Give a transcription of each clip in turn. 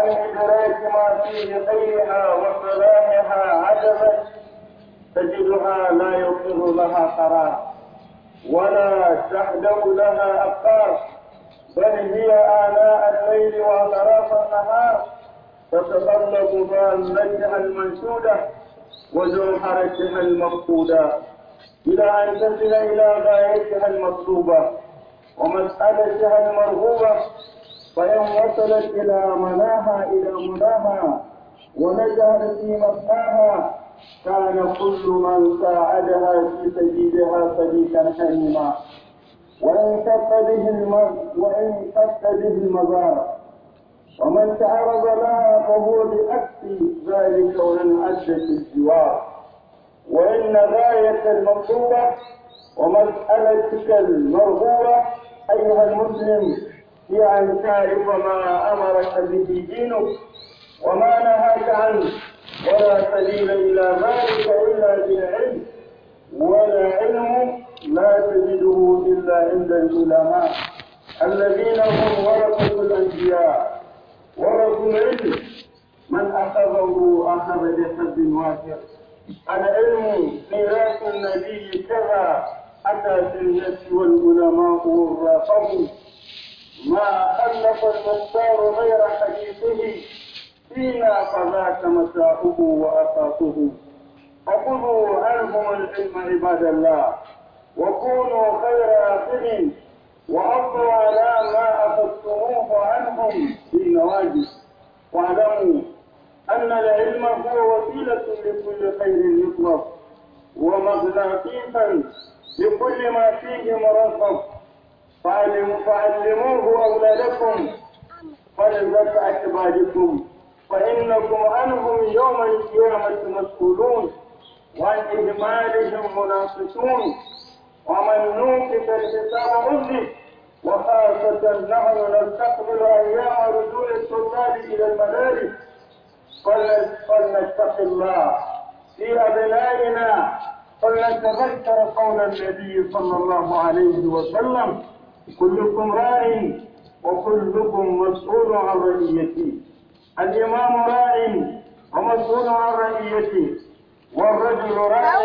عن إدراك ما فيه خيرها وصلاحها عجبت تجدها لا يقر لها قرار ولا تحدث لها أبقار بل هي آناء الليل وأطراف النهار تتطلب ضالتها المنشودة وزمحرتها المفقودة إلى أن تصل إلى غايتها المطلوبة ومسألتها المرغوبة فإن وصلت إلى مناها إلى مناها ونزلت في مصناها كان كل من ساعدها في سبيلها صديقا حميما وإن كف به وإن كف به المزار ومن تعرض لها فهو بأكس ذلك ومن عدت الجوار وإن غاية المطلوبة ومسألتك المرغوبة أيها المسلم هي أن تعرف ما أمرك به دينك وما نهاك عنه ولا سبيل إلى ذلك إلا بالعلم ولا علم لا تجده إلا عند العلماء الذين هم ورثة الأنبياء ورثوا العلم من أخذه أخذ بحب وافر العلم ميراث النبي كذا أتى في النفس والعلماء ورثه ما خلف المختار غير حديثه فيما فذاك مساؤه وأساسه فخذوا عنهم العلم عباد الله وكونوا خير آخر وأفضوا على ما أخذتموه عنهم في نواجس واعلموا أن العلم هو وسيلة لكل خير يطلب ومغناطيسا لكل ما فيه مرغب فعلموه أولادكم ولذات أكبادكم فإنكم عنهم يوم القيامة مسؤولون وعن إجمالهم مناقشون ومن نوقف الحساب مزي وخاصة نحن نستقبل أيام رجوع الطلاب إلى المدارس فلنتق الله في أبنائنا فلنتذكر قول النبي صلى الله عليه وسلم كلكم راع وكلكم مسؤول عن رعيته الإمام راع ومسؤول عن رعيته والرجل راع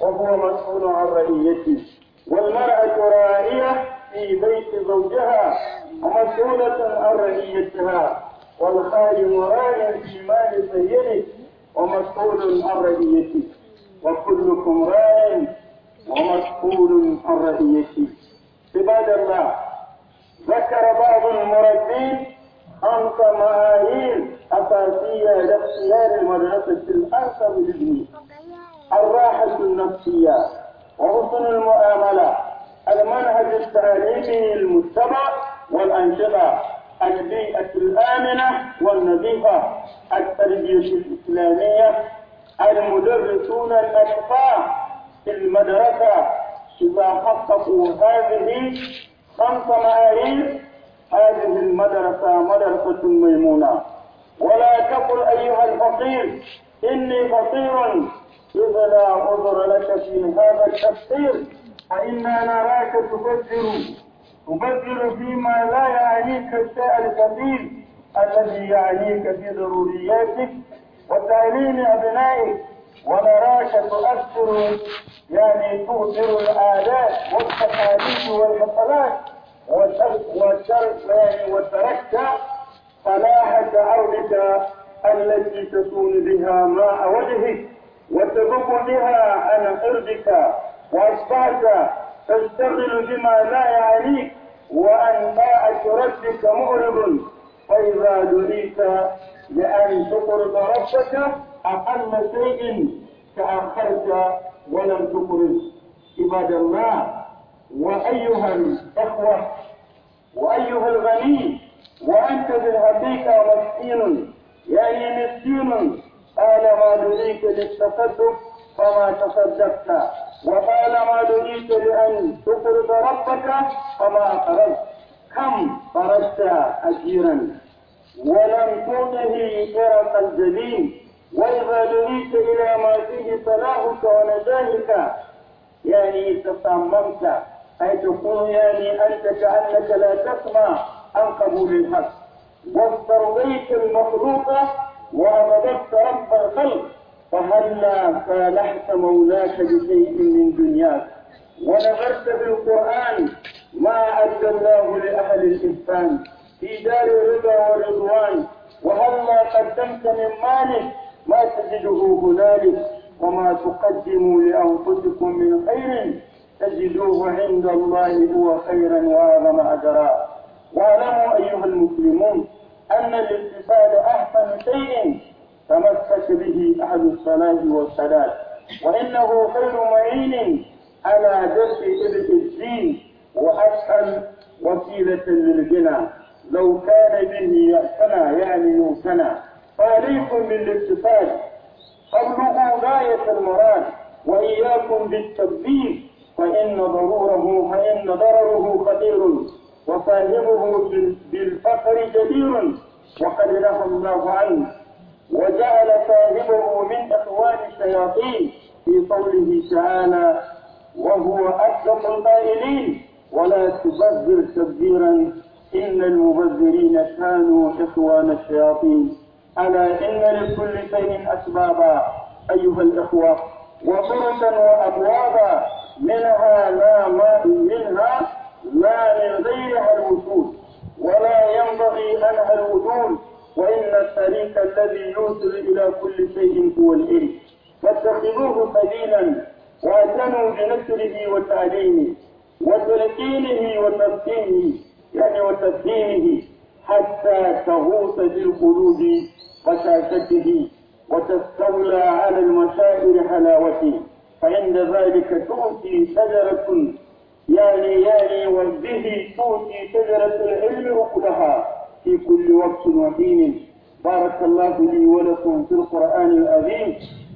وهو مسؤول عن رعيته والمرأة راعية في بيت زوجها ومسؤولة عن رعيتها والخادم راع في مال سيده ومسؤول عن رعيته وكلكم راع ومسؤول عن رعيته عباد الله ذكر بعض المربين خمس معايير أساسية لاختيار المدرسة الأنسب للابن الراحة النفسية وحسن المعاملة المنهج التعليمي المتبع والأنشطة البيئة الآمنة والنظيفة التربية الإسلامية المدرسون الأشقاء في المدرسة إذا خصصوا هذه خمس معايير هذه المدرسة مدرسة ميمونة ولا تقل أيها الفقير إني فقير إذا لا عذر لك في هذا التفسير فإنا نراك تبذر تبذر فيما لا يعنيك الشيء الكثير الذي يعنيك في ضرورياتك وتعليم أبنائك ونراك تؤثر يعني تؤثر الآلات والتقاليد والمقالات يعني وتركت صلاحة عودك التي تكون بها ماء وجهك وتذوق بها عن قربك وأصبحت تشتغل بما لا يعنيك وأن ماء ربك مغرب فإذا دعيت لأن تقرض ربك أقل شيء تأخرت ولم تخرج عباد الله وأيها الإخوة وأيها الغني وأنت بالغبيك مسكين يعني مسكين قال ما دعيت للتصدق فما تصدقت وقال ما دعيت لأن تقرض ربك فما أقرضت كم فرجت أجيرا ولم تعطه إرق الجبين وإذا دعيت إلى ما فيه صلاحك ونجاحك يعني تصممت أي تكون يعني أنت كأنك لا تسمع عن قبول الحق واسترضيت المخلوق وأبغضت رب الخلق فهلا صالحت مولاك بشيء من دنياك ونظرت بالقرآن ما أدى الله لأهل الإنسان في دار الرضا والرضوان وهلا قدمت من مالك ما تجده هنالك وما تقدموا لأنفسكم من خير تجدوه عند الله هو خيرا وأعظم أجرا واعلموا أيها المسلمون أن الاتصال أحسن شيء تمسك به أهل الصلاة والسلام وإنه خير معين على درس إبن الدين وأسهل وسيلة للغنى لو كان به يأسنا يعني يوسنا فعليكم بالاتفاق ابلغوا غاية المراد وإياكم بالتدبير فإن ضروره فإن ضرره خطير وصاحبه بالفقر جدير وقد نهى الله عنه وجعل صاحبه من أخوان الشياطين في قوله تعالى وهو أصدق القائلين ولا تبذر تبذيرا إن المبذرين كانوا إخوان الشياطين ألا إن لكل شيء أسبابا أيها الإخوة وفرصا وأبوابا منها لا ما منها لا من غيرها الوصول ولا ينبغي أنها الوصول وإن الطريق الذي يوصل إلى كل شيء هو العلم فاتخذوه سبيلا واعتنوا بنشره وتعليمه وتلقينه وتفهيمه يعني وتفهيمه حتى تغوص في القلوب بشاشته وتستولى على المشاعر حلاوته فعند ذلك تؤتي شجرة يعني يعني وبه تؤتي شجرة العلم عقدها في كل وقت وحين بارك الله لي ولكم في القرآن العظيم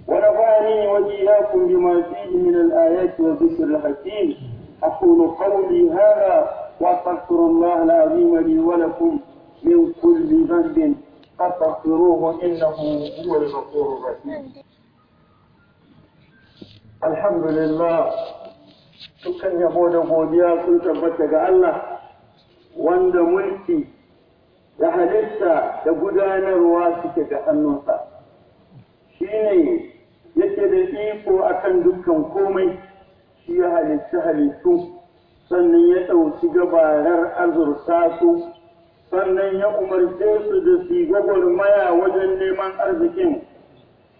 ونفعني وإياكم بما فيه من الآيات والذكر الحكيم أقول قولي هذا وأستغفر الله العظيم لي ولكم من كل ذنب فاستغفروه إنه هو الغفور الرحيم الحمد لله dukkan yabo da godiya sun tabbata ga Allah wanda mulki da halitta da gudanarwa suke ga hannunsa shi ne yake da iko akan dukkan komai shi ya halitta halittu sannan ya ɗauki gabarar azurta su sannan ya umarce su da su gwagwarmaya wajen neman arzikin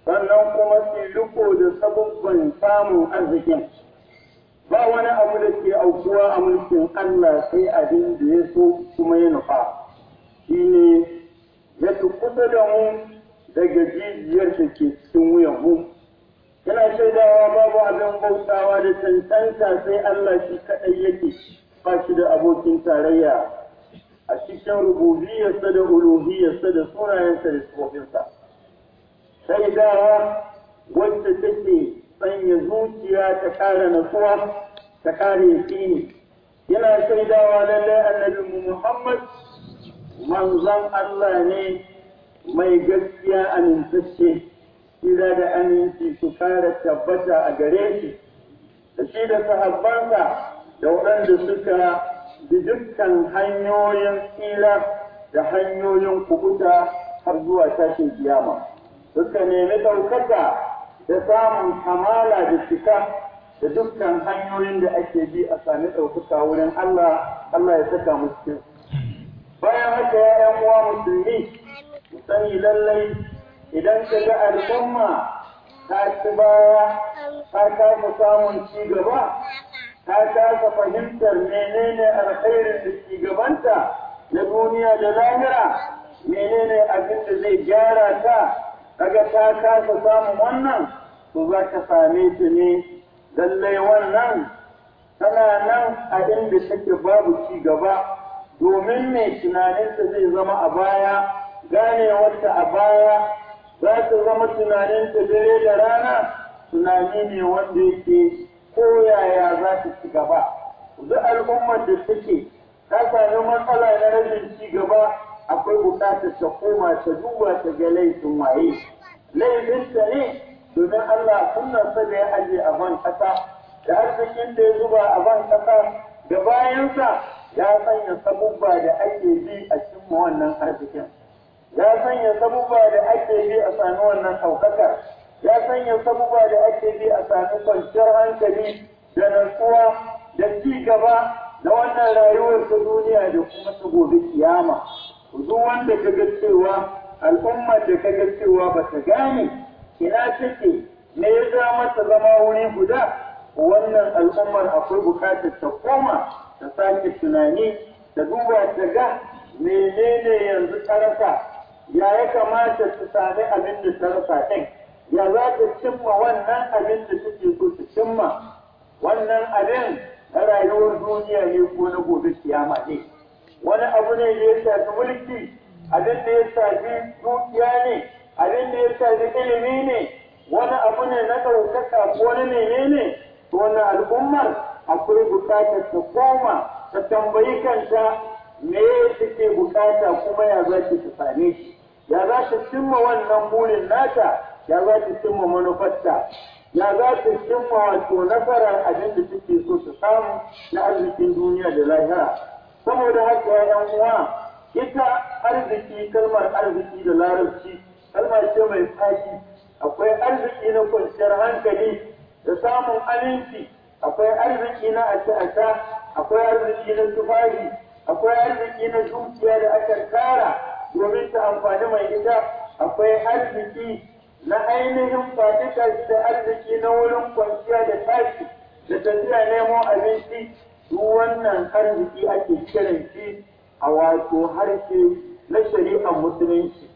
sannan kuma su riko da sabon samun arzikin ba wani abu da ke aukuwa a mulkin Allah sai abin da ya so kuma ya nufa shi ne ya kusa da mu daga jijiyar da ke cikin wuyan mu yana shaidawa babu abin bautawa da cancanta sai Allah shi kaɗai yake ba shi da abokin tarayya a cikin rububiyarsa da uluhiyarsa da sunayensa da sifofinsa sai dawa wacce take sanya zuciya ta kare nasuwa ta kare yakini yana shaidawa lallai annabinmu muhammad manzon allah ne mai gaskiya amintacce kira da aminci su kare tabbata a gare shi da shi da sahabbansa da waɗanda suka da dukkan hanyoyin tsira da hanyoyin kubuta har zuwa tashin kiyama suka nemi ɗaukaka da samun kamala da cika da dukkan hanyoyin da ake bi a sami ɗaukaka wurin Allah Allah ya saka mu bayan haka ya uwa musulmi mu sani lallai idan ka ga al'umma ta ci baya ta kasa samun ci gaba ta kasa fahimtar menene alkhairin da gabanta na duniya da lahira menene abin da zai gyara ta kaga ta kasa samun wannan to za ka same ta ne lallai wannan tana nan a inda take babu ci gaba domin mai tunaninta zai zama a baya ganewarta a baya za ta zama tunaninta dare da rana tunani ne wanda yake Koyaya za ta ci gaba duk al'ummar da take ta sami matsala na rashin ci gaba akwai bukatar ta koma ta duba ta ga laifin waye laifin ta ne domin Allah sa da ya aje a ban kasa da arzikin da ya zuba a ban kasa da bayansa ya sanya sabubba da ake bi a cimma wannan arzikin ya sanya sabubba da ake bi a sami wannan ɗaukakar ya sanya sabuwa da ake bi a sami kwanciyar hankali da natsuwa da ci gaba da wannan rayuwar ta duniya da kuma ta gobe kiyama duk wanda ka ga cewa al'ummar da ka ga cewa ba ta gane ina take me ya za mata zama wuri guda wannan al'ummar akwai bukatar ta koma ta sake tunani ta duba ta ga menene yanzu ta rasa ya ya kamata su sami abin da ta rasa ɗin ya za ta cimma wannan abin da take so ta cimma wannan abin na rayuwar duniya ne ko na gobe kiyama ne wani abu ne da ya shafi mulki abin da ya shafi dukiya ne abin da ya shafi ilimi ne wani abu ne na ɗaukaka ko na ne? to wani al'ummar akwai bukatar ta koma ta tambayi kanta me take bukata kuma ya za ta same shi ya za ta cimma wannan burin nata ya za ki cimma manufarta ya za ki cimma wato nasarar abin da suke so su samu na arzikin duniya da lahira saboda haka ya uwa ita arziki kalmar arziki da larabci kalmar ce mai tsaki akwai arziki na kwanciyar hankali da samun aminci akwai arziki na aka-aka akwai arziki na tufari akwai arziki na zuciya da aka tsara domin ta amfani mai ita akwai arziki na ainihin faɗi da arziki na wurin kwanciya da tashi da tafiya nemo abinci duk wannan arziki ake kiran shi a wato harshe na shari'ar musulunci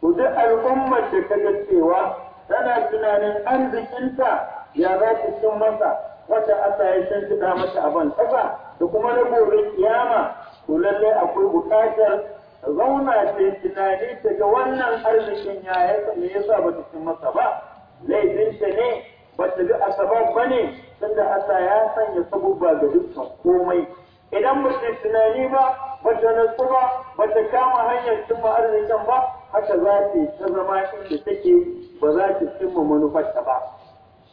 to duk al'ummar da ta ga cewa tana tunanin arzikinta ya za ta cin masa wata asa ya shimfiɗa mata a ban ƙasa da kuma na gobe kiyama to lallai akwai buƙatar zauna ce tunani ta ga wannan arzikin ya yasa me yasa ba ta cin masa ba laifinta ne ba ta ga asabab ba ne tunda Allah ya sanya sabubba ga dukkan komai idan ba ta tunani ba ba ta nutsu ba ba ta kama hanyar cimma arzikin ba haka za ta ta zama inda take ba za ta cimma manufarta ba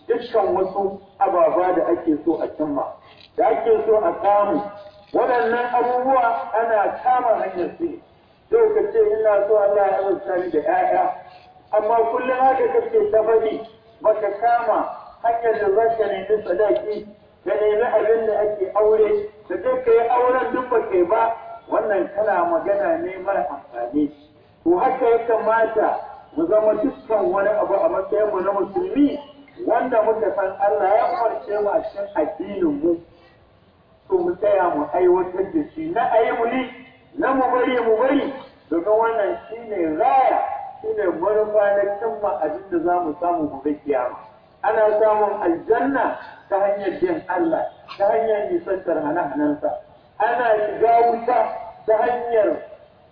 dukkan wasu ababa da ake so a cimma da ake so a samu waɗannan abubuwa ana kama hanyar su ne sai ka ce ina so Allah ya rubuta ni da 'ya'ya amma kullum haka kake ta bari baka kama hanyar da za ka nemi sadaki da nemi abin da ake aure da zai kai auren duk ba kai ba wannan kana magana ne mara amfani to haka ya kamata mu zama dukkan wani abu a matsayin na musulmi wanda muka san Allah ya umarce mu a cikin addinin mu to mu tsaya mu aiwatar da shi na ayi na mu bari mu bari domin wannan shine raya shine manufa na cimma abin da za mu samu gobe kiyama ana samun aljanna ta hanyar bin Allah ta hanyar nisantar hana-hanansa ana shiga wuta ta hanyar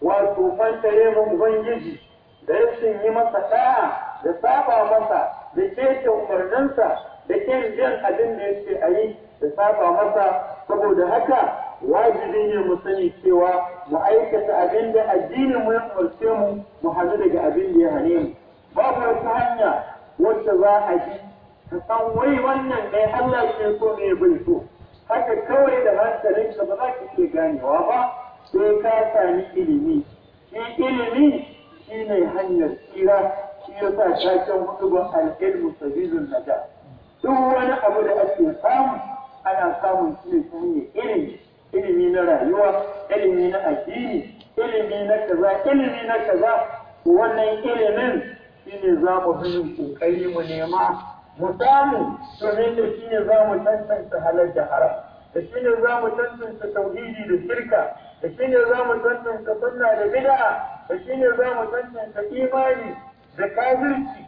wato fanta mun ubangiji da rashin yi masa ɗaya da saba masa da keke umarninsa da ƙin jin abin da yake a yi da saba masa saboda haka wajibi ne mu sani cewa mu aikata abin da addinin mu ya umarce mu mu hadu daga abin da ya hane mu babu wata hanya wacce za a ji ka san wai wannan dai Allah ke so ne bai so haka kawai da ka ba za ka ke ganewa ba sai ka sami ilimi shi ilimi shi ne hanyar tsira shi ya sa shaken hudu ba al'ilmu sabilun naja duk wani abu da ake samu ana samun shi ne ta hanyar ilimi ilimi na rayuwa ilimi na addini ilimi na kaza ilimi na kaza wannan ilimin ne za mu yin ƙoƙari mu nema mu samu domin da ne za mu tantance halal da haram da ne za mu tantance tauhidi da shirka da ne za mu tantance sunna da bid'a da ne za mu tantance imani da kafirci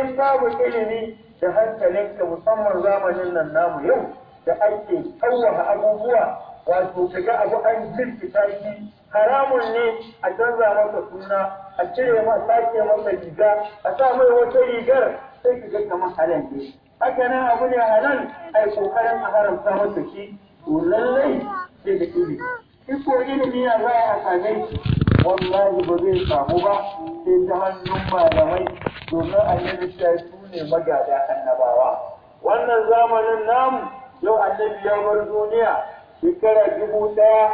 in babu ilimi da hankalinka musamman zamanin nan namu yau da ake kawaha abubuwa wato kaga abu an jirkita shi haramun ne a canza masa suna a cire ma sake masa riga a sa mai wata rigar sai ka ga kamar halal ne haka nan abu ne halal ai kokarin a haramta masa shi to lallai sai da ilimi iko ilimi ya za a same shi wallahi ba zai samu ba sai ta hannun malamai domin yi ta su ne magada annabawa wannan zamanin namu yau annabi ya bar duniya shekara dubu ɗaya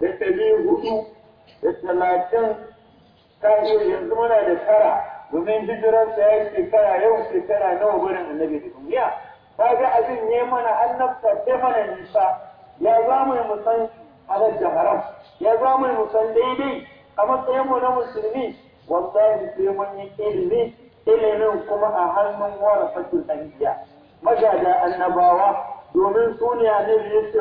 da ɗari hudu da talatin ta yanzu muna da tara domin hijirar ta ya shekara yau shekara nawa barin annabi da duniya ta ga abin ne mana annabta sai mana nisa ya za mu mu san halar da haram ya za mu mu san daidai a matsayin mu na musulmi wallahi sai mun yi ilimi ilimin kuma a hannun warasatul anbiya magada annabawa domin su ne annabi ya ce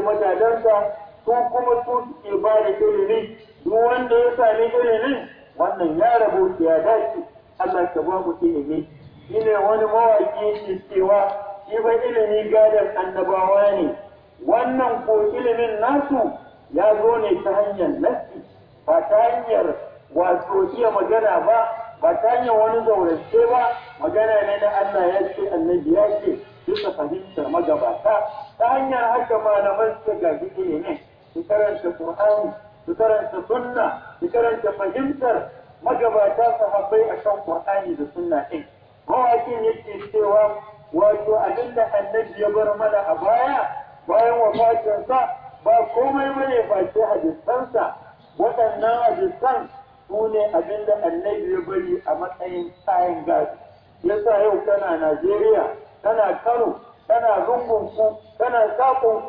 su kuma su suke ba da ilimi duk wanda ya sami ilimin wannan ya rabu ya dace Allah ka ba mu ilimi ne wani mawaki yake cewa shi ba ilimi gadon annabawa ne wannan ko ilimin nasu ya zo ne ta hanyar nassi ba ta hanyar wato iya magana ba ba ta hanyar wani zaurace ba magana ne na Allah ya ce annabi ya ce bisa fahimtar magabata ta hanyar haka malaman suka gaji su karanta Qur'ani su karanta sunna su karanta fahimtar magabata su a akan Qur'ani da sunna din mawaƙin yake cewa wato abin da annabi ya bar mana a baya bayan wafatinsa ba komai bane face hadisansa waɗannan hadisan su ne abin da annabi ya bari a matsayin kayan gado yasa yau kana Najeriya tana kano tana rungunku tana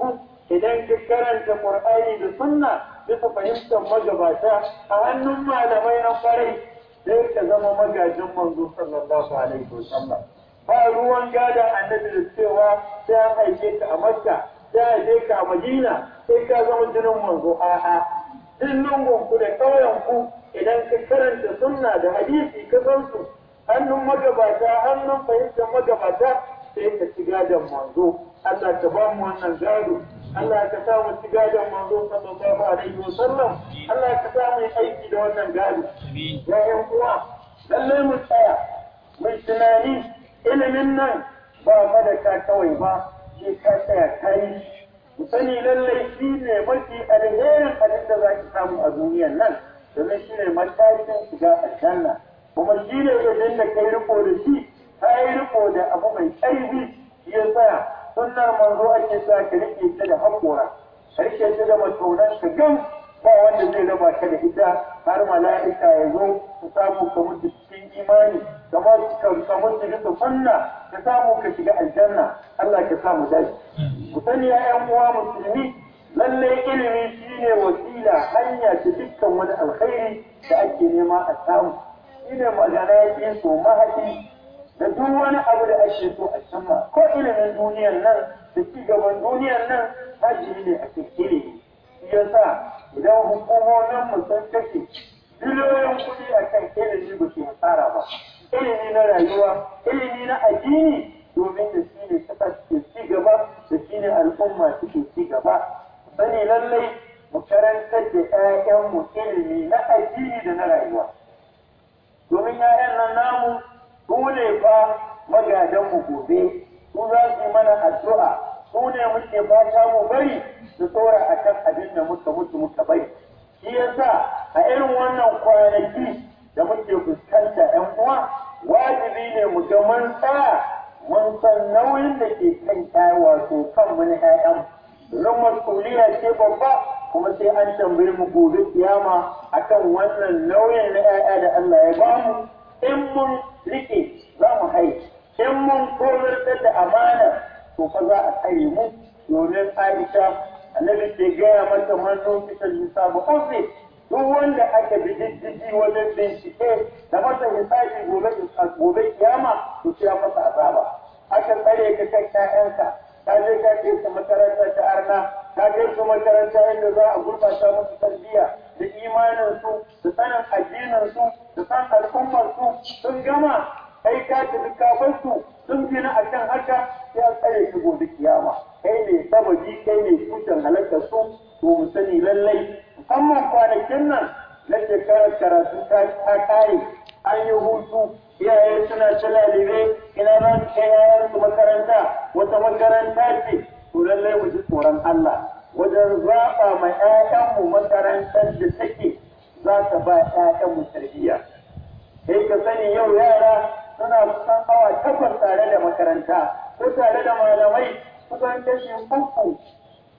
ku idan ki karanta qur'ani da sunna bisa fahimtar magabata a hannun malamai na farai sai ka zama magajin manzo sallallahu alaihi wasallam ba ruwan gada annabi da cewa sai an aike ka a makka sai an aike ka a madina sai ka zama jinin manzo a'a duk ku da ƙauyenku idan ka karanta sunna da hadisi ka san su hannun magabata hannun fahimtar magabata sai ka ci gadon manzo Allah ka ba mu wannan gado Allah ka sa mu ci gadon manzo sallallahu alaihi wa sallam Allah ka sa mu aiki da wannan gado ya yan uwa lalle mu tsaya mu tunani ilimin nan ba madaka kawai ba sai ka tsaya kai mu sani lalle shi ne mafi alherin abin da za ki samu a duniyar nan domin shi ne matakin shiga aljanna kuma shi ne da kai riko da shi ka riko da abu mai ƙarfi ya tsaya sunnar manzo ake sa ka rike ta da haƙora ka rike ta da ka gam ba wanda zai raba ka da ita har mala'ika ya zo ka samu ka mutu cikin imani kamar ka mutu da sunna ka samu ka shiga aljanna Allah ka samu dace ku sani yan uwa musulmi lallai ilimi shine wasila hanya ta dukkan wani alkhairi da ake nema a samu shine magana ya so mahaɗi da duk wani abu da ake so a cimma ko ilimin duniyar nan da ci gaban duniyar nan wajibi ne a cikin ilimi shi yasa idan hukumomin mu sun kashe biliyoyin kuɗi a kan ilimi ba su tsara ba ilimi na rayuwa ilimi na addini domin da shi ne kasa suke ci gaba da shi ne al'umma suke ci gaba sani lallai mu karantar da 'ya'yanmu ilimi na addini da na rayuwa domin 'ya'yan nan namu su ne fa magadan mu gobe su za su mana addu'a su ne muke fata mu bari su tsora a kan abin da muka mutu muka bai shi yasa a irin wannan kwanaki da muke fuskanta yan uwa wajibi ne mu ga mun tsaya mun san nauyin da ke kan ƴaƴa wato kan mun ƴaƴan don masuliya ce babba kuma sai an tambayi mu gobe kiyama akan wannan nauyin na ƴaƴa da Allah ya bamu in mun rike za mu haye in mun koyar da amana to fa za a tsaye mu domin Aisha annabi ke gaya mata manzo kitan hisabu ofe duk wanda aka bi diddigi wajen bincike da mata hisabi gobe gobe kiyama to sai masa azaba aka tsare ka kai ƴaƴanka ka je ka kai su makaranta ta arna ka kai su makaranta inda za a gurbata musu tarbiyya da imaninsu da sanin addininsu da san al'ummarsu sun gama kai ka tafi sun gina a kan haka ya tsare shi gobe kiyama kai ne sababi kai ne tushen halartar su to mu sani lallai musamman kwanakin nan na shekarar karatu ta kare an yi hutu iyaye suna ta lalibe ina za su kai yayansu makaranta wata makaranta ce to lallai mu ji tsoron Allah wajen zaɓa ma 'ya'yanmu makarantar da take za ta ba 'ya'yanmu tarbiyya. Sai ka sani yau yara suna kusan awa takwas tare da makaranta ko tare da malamai kusan kashi uku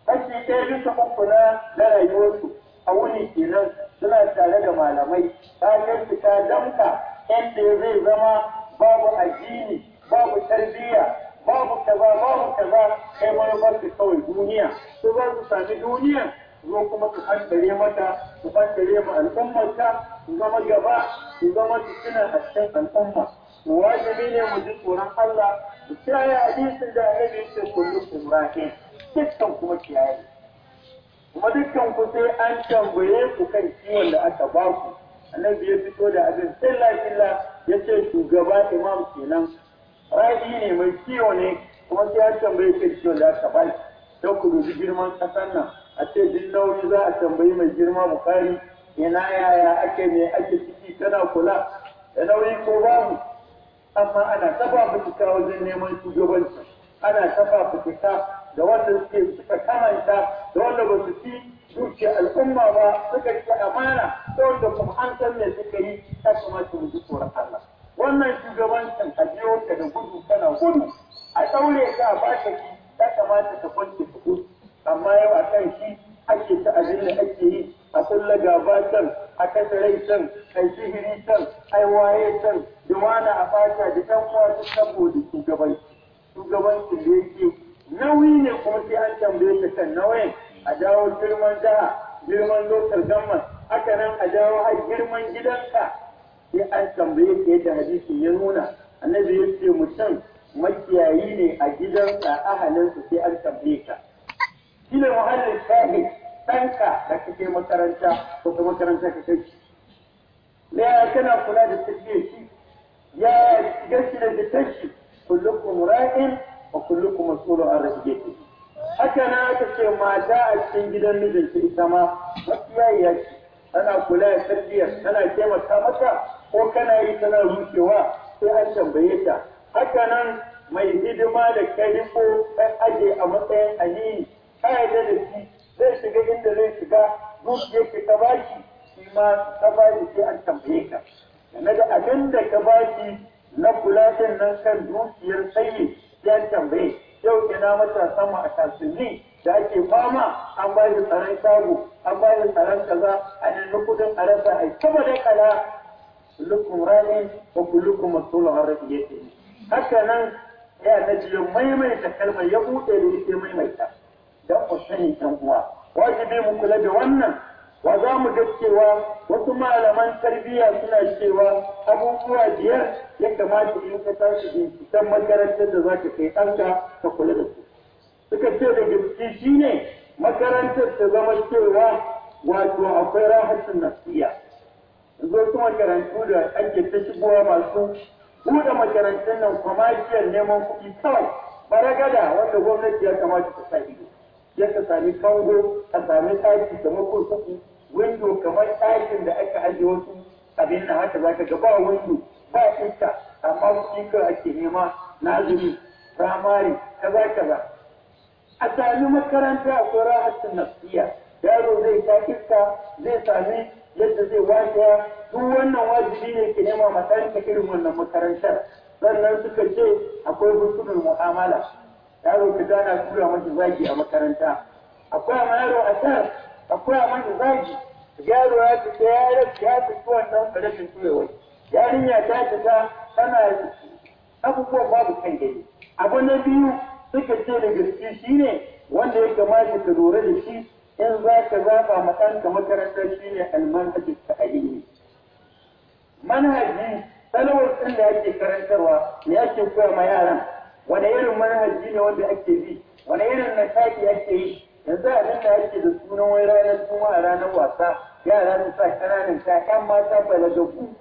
kashi ɗaya bisa uku na na rayuwarsu a wuni kenan suna tare da malamai ta fita ta damka yadda zai zama babu addini babu tarbiyya babu kaza babu kaza kai manufar kawai duniya su za su sami duniya zo kuma su haddare mata su haddare ma al'ummarta su zama gaba su zama suna a cikin al'umma wajibi ne mu ji tsoron Allah su kiyaye hadisin da annabi yake kullukum rahim dukkan kuma kiyaye kuma dukkan ku sai an tambaye ku kan kiwon da aka ba ku annabi ya fito da abin sai lafiya ya ce shugaba imam kenan ra'i ne mai kiwo ne kuma sai ya tambayi kai kiwon da aka baki don ku dubi girman ƙasar nan a ce duk nauyi za a tambayi mai girma bukari ina yaya ake ne ake ciki tana kula da nauyi ko babu amma ana tafa fitika wajen neman shugabanci ana tafa fitika da wanda suke suka kamanta da wanda ba su ci dukiya al'umma ba suka ci amana da wanda kuma an san me suka yi ta kamata mu ji tsoron Allah wannan shugabancin a biyo ka da gudu kana gudu a ɗaure ka ba ka ki ya kamata ka kwanci gudu amma yau a kan shi ake ta abin da ake yi a kulla gaba can a kasa rai can a sihiri can ai waye can jimana a fata da ɗan uwa su saboda shugabanci shugabancin da yake nauyi ne kuma sai an tambaye ta kan nauyin a dawo girman jiha girman lokal gamman haka nan a dawo har girman gidanka sai an tambaye ka da hadisin ya nuna annabi ya ce mutum makiyayi ne a gidansa ahalinsa sai an tambaye ka shi ne muhallin shahid ɗanka da kake makaranta ko kuma makaranta ka kai ya kana kula da tarbiyyar shi ya shiga shi da fitar shi kullukum ra'in wa kullukum mas'ulun an rasiyati haka na aka ce mata a cikin gidan mijinki ita ma makiyayi ya ce tana kula da tafiyar, tana taimaka mata ko kana yi tana rushewa sai an tambaye ta haka nan mai hidima da kariko ɗan aje a matsayin aliyu ka yarda da shi zai shiga inda zai shiga duk ke ta bashi shi ma ka bashi sai an tambaye ka na da abin da ka bashi na kula nan kan dukiyar sayi sai an tambaye yau ina matasa mu a tasiri da ake fama an ba shi tsaron shago an ba shi tsaron kaza a nan kudin a rasa a da kala kullukum ra'in wa kullukum mas'ulun an ra'iyatihi haka nan ya annabi ya maimaita kalmar ya bude da ita maimaita dan ku sani dan uwa wajibi mu kula da wannan wa za mu ga cewa wasu malaman tarbiyya suna cewa abubuwa biyar ya kamata in ka tashi binciken makarantar da za ka kai ɗanka ka kula da su suka ce da gaske shine makarantar ta zama cewa wato akwai rahatun nasiya zo su makarantu da ake ta shigowa masu buɗe makarantun nan kwamashiyar neman kuɗi kawai baragada wanda gwamnati ya kamata ta sa ido ya ka sami kango a sami taki da makurkuku windo kamar takin da aka ajiye wasu abin da haka zaka ga ba windo ba iska amma kuɗi kawai ake nema na azumi firamare kaza kaza a sami makaranta akwai rahatun nafsiya yaro zai ta iska zai sami yadda zai wajiya duk wannan wajibi ne ke nema ta irin wannan makarantar sannan suka ce akwai husnul mu'amala yaro ka gana tura masa zagi a makaranta akwai ma yaro asar akwai ma zagi yaro ya fita ya rasa ya fita wannan rashin turewai yarinya ta ta tana abubuwan babu kan gani abu na biyu suka ce da gaske shine wanda ya kamata ka lura da shi in za ka zaɓa ma ɗanka makarantar shi ne ta ainihi manhaji salwar ɗin da ake karantarwa ya ake koya ma yaran wani irin manhaji ne wanda ake bi wani irin na nasaki ake yi yanzu a nan da ake da sunan wai ranar a ranar wasa yara su sa ƙananan 'yan mata balagagu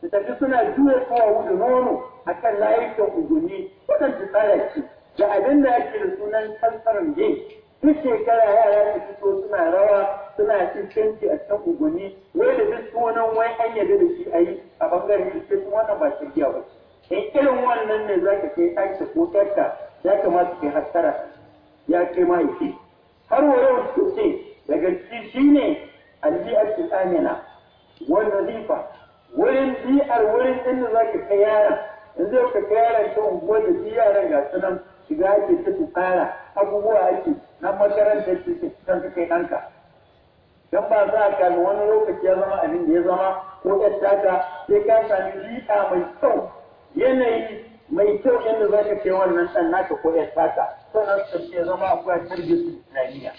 su tafi suna juya kawo da nono a kan layukan ugoni wadanda tsara ce da abin da ake da sunan kansarar gate duk shekara yara ne fito suna rawa suna cin canci a cikin uguni wai da duk sunan wai an yarda da shi a yi a bangaren cikin wannan ba ta shirya ba in irin wannan ne za ka kai aisha ko tarka ya kamata kai hattara ya kai ma mahaifi har wa yau su ce daga ciki shi ne albi'ar amina wani nazifa wurin bi'ar wurin inda za ka kai yaran in zai ka kai yaran ta unguwar da yaran ga su nan shiga ake ta su tsara abubuwa ake na makaranta ke ce can suka kai nanka don ba za a wani lokaci ya zama abin da ya zama ko ya taka sai ka sami riƙa mai kyau yanayi mai kyau yadda za ka kai wannan ɗan naka ko ya taka sannan su ke zama akwai tarbiyyar islamiyya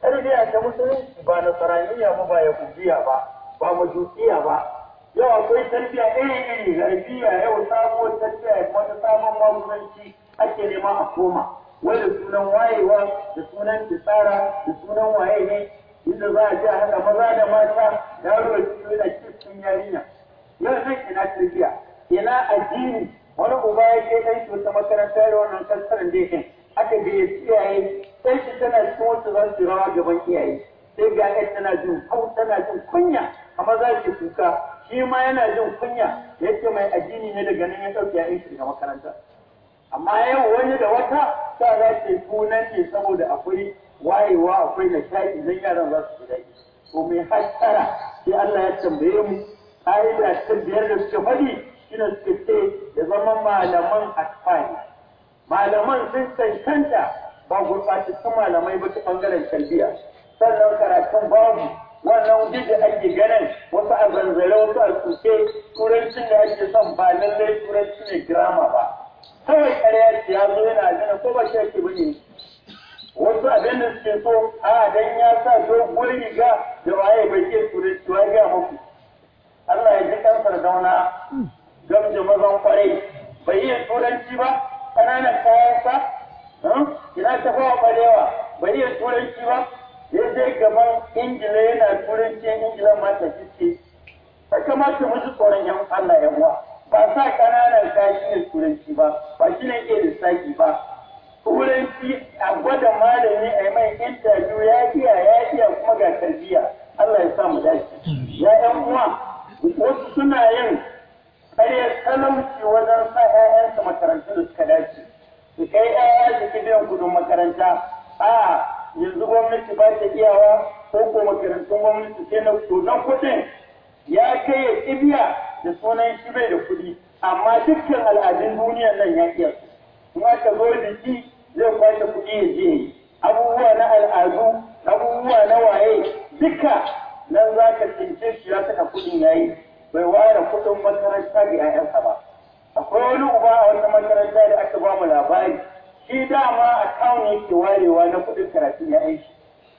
tarbiyya ta musulunci ba nasaraniya ba ba yahudiya ba ba majusiya ba yau akwai tarbiya iri iri garbiya yau sabuwar tarbiya ta sabon mamusanci ake nema a koma wai da sunan wayewa da sunan tsara da sunan waye ne inda za a ji a haɗa maza da mata yaro da cikin yana cikin yarinya yau nan ina tarbiyya ina addini wani uba ya ke ɗan shi wata makaranta da wannan kansaran da yake aka biya iyaye Sai shi tana cikin wasu za su rawa gaban iyaye sai ga ɗan tana jin hau tana jin kunya a maza ki kuka shi ma yana jin kunya yake mai addini ne daga nan ya sauke ya ɗan shi makaranta. amma yau wani da wata sa za ke tunan ne saboda akwai wayewa akwai na idan yaran za su daɗi to mai hattara sai Allah ya tambaye mu da ta biyar da suke faɗi shine suke ce ya zama malaman asfani. malaman sun cancanta ba gurɓatattun malamai ba ta ɓangaren talbiya sannan karatun babu wannan da ake ganin wasu a zanzare wasu a turancin da ake son ba lallai turanci ne girama ba kawai ƙarya ce ya zo yana jina ko ba shi ba ne wasu abin da suke so a dan ya sa dogon riga da waye bai ke tsure ya ga muku Allah ya ji kan gam da mazan kwarai bai yi turanci ba ƙananan kayansa hmm? ina ta fawa barewa ba yi turanci ba ya je gaban ingila yana turanci ingilan mata kiske Ba kamata mu ji tsoron yan Allah yan uwa ba sa ƙananan kashi ne turanci ba ba shi ne ke lissafi ba turanci a gwada malami a mai interview ya fiya ya fiya kuma ga tarbiyya Allah ya sa mu dace ya ɗan uwa wasu suna yin ƙarya talauci wajen sa 'ya'yansa makarantu da suka dace su kai 'ya'ya su ki biyan kuɗin makaranta a yanzu gwamnati ba ta iyawa ko ko makarantun gwamnati sai na kuɗin ya kai ya ƙibiya da sunan shi bai da kuɗi amma dukkan al'adun duniyar nan ya iya kuma ka zo biki zai kwashe kuɗi ya je abubuwa na al'adu abubuwa na waye duka nan za ka tsince shi ya saka kuɗin ya yi bai ware kuɗin makaranta ga 'ya'yansa ba akwai wani uba a wata makaranta da aka ba mu labari shi dama kawun yake warewa na kuɗin karatun ya shi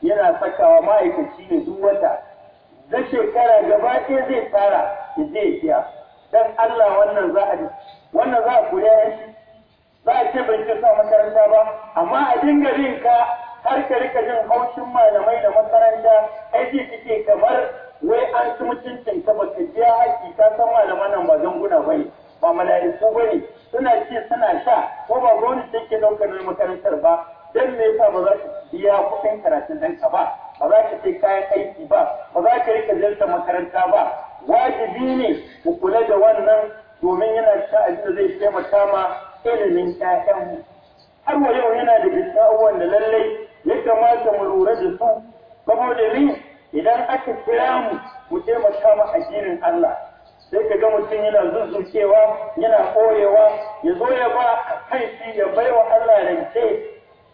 yana sakawa ma'aikaci ne duk wata da shekara gaba ɗaya zai fara. ya ya dan Allah wannan za a wannan za a shi za a ce ban ce sa makaranta ba amma a dinga yin ka har ka rika jin haushin malamai da makaranta ai ji kike kamar wai an ci mutuncin ka baka je haƙi ka san malaman nan ba zanguna bane ba mala'iku bane suna ci suna sha ko ba gwamnati take daukar makarantar ba dan me yasa ba za ka biya kuɗin karatun ɗanka ba ba za ka sai kayan aiki ba ba za ka rika ziyartar makaranta ba wajibi ne mu kula da wannan domin yana cikin abin da zai taimaka ma ilimin ƴaƴanmu har wa yau yana da cikin uwan da lallai ya kamata mu lura da su saboda ni idan aka kira mu mu taimaka ma addinin Allah sai ka ga mutum yana zuzzukewa yana ƙorewa, ya zo ya ba kai shi ya bai wa Allah rance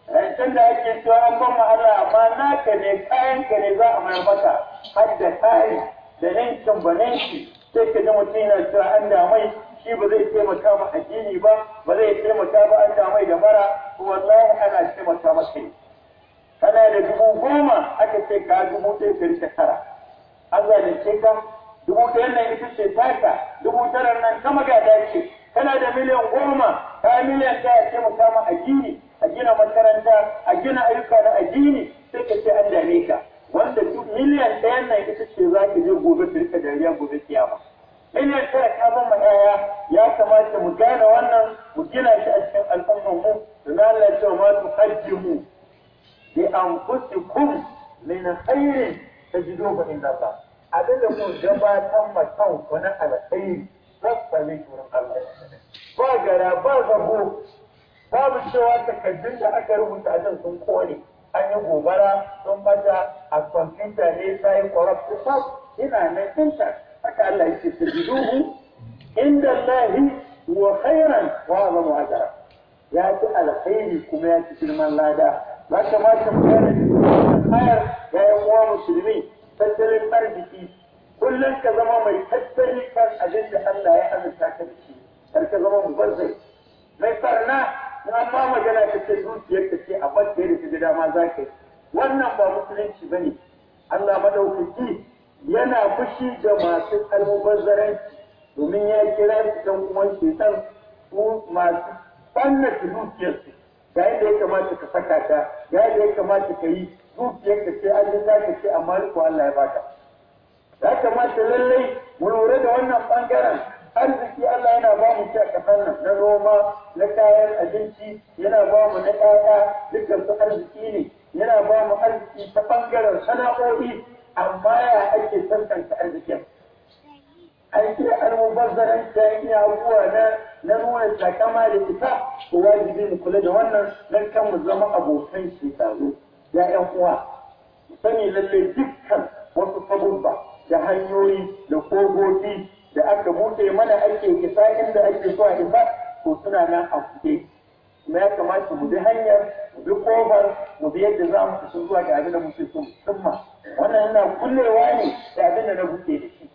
rancen da ake cewa an ban ma Allah amma naka ne kayan ne za a mai maka har da kayan da yankin bananci sai ka ji mutum yana cewa an damai shi ba zai taimaka ma addini ba ba zai taimaka ba an damai da mara wallahi ana taimaka maka kana da dubu goma aka ce ka dubu ɗaya ka rike tara an ce ka dubu ɗayan nan ita ce taka dubu tara nan kama gada ce kana da miliyan goma ka miliyan ɗaya taimaka ma addini a gina makaranta a gina ayyuka na addini sai ka ce an dame ka wanda duk miliyan ɗayan nan ita ce za ka je gobe su rika dariya gobe kiyama miliyan tara ta mu 'ya'ya ya kamata mu gane wannan mu gina shi a cikin al'ummar mu da na Allah cewa ma tu hajjimu bi anfusikum min khairin tajiduhu indallah abinda ku gabatar ma kanku na alkhairi tabbali wurin Allah ba gara ba zabo babu cewa takaddun da aka rubuta a sun kone an yi gobara sun bata a kwamfuta ne ta yi ta sab ina nan tinta haka Allah ya ce inda Allahi wa khairan wa azamu ajra ya ci alkhairi kuma ya ci girman lada ba ta ba ta bayanin ayar ya yi uwa musulmi tattalin arziki kullum ka zama mai tattalin kan abin da Allah ya azurta ka da shi kar ka zama mubazzai mai farna ya ma magana ta ce zuciyar ta ce a bakke da ta dama za ka yi wannan ba musulunci ba ne Allah madaukaki yana fushi da masu almubazzaranci domin ya kira su kan kuma shetan su masu ɓannata ga yadda ya kamata ka saka ta ga yadda ya kamata ka yi zuciyar ka ce an yi za ka ce amma ko Allah ya baka ya kamata lallai mu lura da wannan bangaren arziki Allah yana ba mu a kasar nan na noma na kayan abinci yana ba mu na ƙaƙa dukkan su arziki ne yana ba mu arziki ta ɓangaren sana'o'i amma ya ake tantance arzikin an kira almubazzaran ta iya abubuwa na na nuna takama da ita ko wajibi mu kula da wannan nan kan mu zama abokan shekaru ya ƴan uwa sani lallai dukkan wasu sabubba da hanyoyi da kogogi da aka buɗe mana ake isa inda ake so a isa to suna nan a buɗe kuma ya kamata mu bi hanyar mu bi kofar mu bi yadda za mu kusa zuwa da abin da muke so musamman wannan yana kullewa ne da abin da na buɗe da shi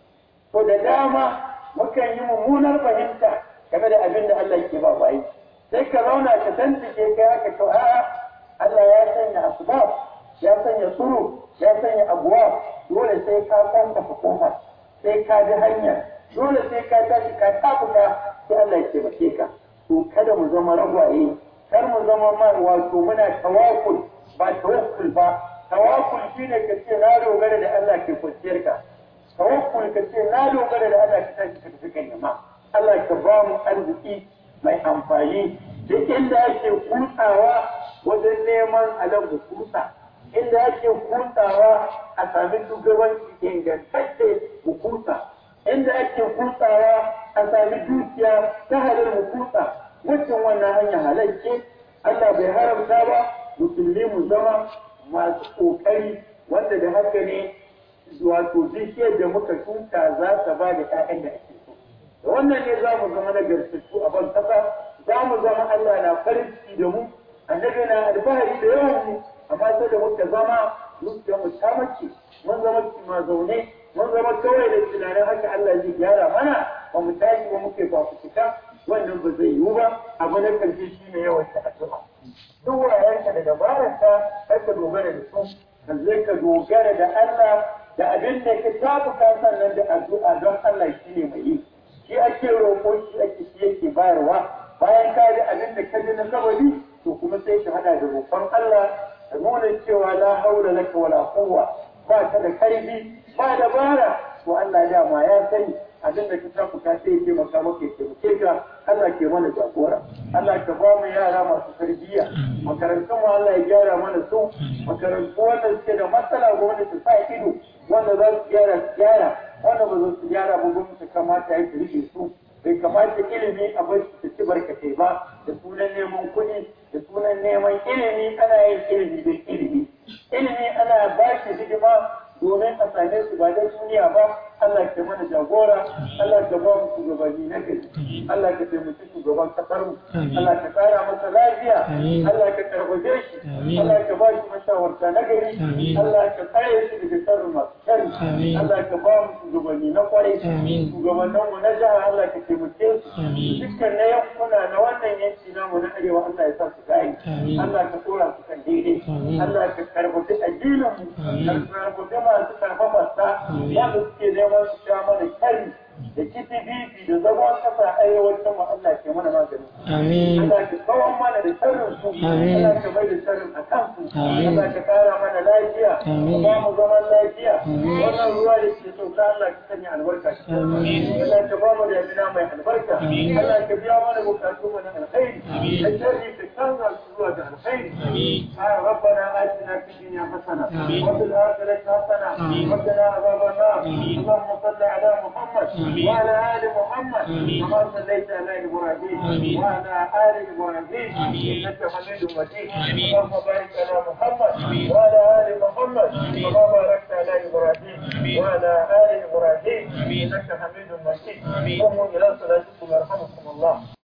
to da dama mukan yi mummunar fahimta game da abin da Allah ke ba bayi sai ka zauna ka tantance kai haka to a'a Allah ya sanya asbab ya sanya suru ya sanya abuwa dole sai ka san ka kofar sai ka ji hanyar dole sai ka tashi ka tafuka sai Allah ya taimake ka to kada mu zama ragwaye kar mu zama ma wato muna tawakkul ba tawakkul ba tawakkul shine ka ce na dogara da Allah ke kwanciyar ka tawakkul ka ce na dogara da Allah ka tashi ka tafi kan yamma Allah ka ba mu arziki mai amfani duk inda ake kutsawa wajen neman alam kusa inda ake kutsawa a sami shugabanci ingantacce hukunta inda ake kutsawa a sami dukiya ta halin mu kutsa mutum wannan hanya halarci Allah bai haramta ba musulmi mu zama masu ƙoƙari wanda da haka ne wato bishiyar da muka shuka za ta ba da ƴaƴan da ake so da wannan ne za mu zama nagartattu a ban kasa? za mu zama Allah na farin ciki da mu annabi na alfahari da yawan mu amma sai da muka zama mu ta mace mun zama kima zaune mun zama kawai da tunanin haka Allah zai gyara mana ba mu tashi ba muke fita wannan ba zai yiwu ba abu na karshe shi ne yawan ta addu'a duk da dabarar ta ka dogara da su kan zai ka dogara da Allah da abin da ka tabuka sannan da addu'a don Allah shi ne mai yi shi ake roƙo shi ake shi yake bayarwa bayan ka da abin da ka ji na sabari to kuma sai ka hada da roƙon Allah da nuna cewa la haula laka wala quwwa ba ta da karfi ba dabara to Allah dama ya sani abin da ka samu ka sai ke maka maka ke muke ka Allah ke mana jagora Allah ka ba mu yara masu tarbiyya makarantun mu Allah ya gyara mana su makarantu wanda suke da matsala gwamnati su sa ido wanda za su gyara su gyara wanda ba su gyara ba gwamnati kamata ya rike su bai kamata ilimi a bar su ci barkatai ba da sunan neman kuɗi da sunan neman ilimi ana yin ilimi da ilimi ilimi ana ba shi hidima domin a same su ba don duniya ba Allah ka mana jagora Allah ka ba mu shugabanni na gari Allah ka taimaki shugaban kasar mu Allah ka kara masa lafiya Allah ka karbaje shi Allah ka ba shi mashawarta na gari Allah ka kare shi daga sharri masu sharri Allah ka ba mu shugabanni na kwarai shugabannin mu na jiha Allah ka taimake su dukkan na yankuna na wannan yanki namu na arewa Allah ya sa su gane Allah ka tsora su kan daidai Allah ka karbaje addinin mu ka karbaje masu karfafarsa wanda suke neman su sha mana kari da kififi da zaman kasa arewacin mu Allah ke mana magani. Amin. Allah ke kawo mana da sharrin su. Amin. Allah ke mai da sharrin a kan su. Amin. Allah ke kara mana lafiya. Amin. Ba mu zaman lafiya. Amin. Wannan ruwa da ke sauka Allah ke sanya albarka. Amin. Allah ke ba mu da yamina mai albarka. Amin. Allah ke biya mana bukatu mu na alkhairi. Amin. Da sharri ke canza su zuwa da alkhairi. Amin. Ya rabbana atina fid dunya hasana. Amin. Wa fil akhirati hasana. Amin. Wa qina adhaban nar. Allahumma salli ala Muhammad. وعلى آل محمد كما صليت على إبراهيم وعلى آل إبراهيم إنك حميد مجيد اللهم بارك على محمد وعلى آل محمد كما باركت على إبراهيم وعلى آل إبراهيم إنك حميد مجيد قوموا إلى صلاتكم يرحمكم الله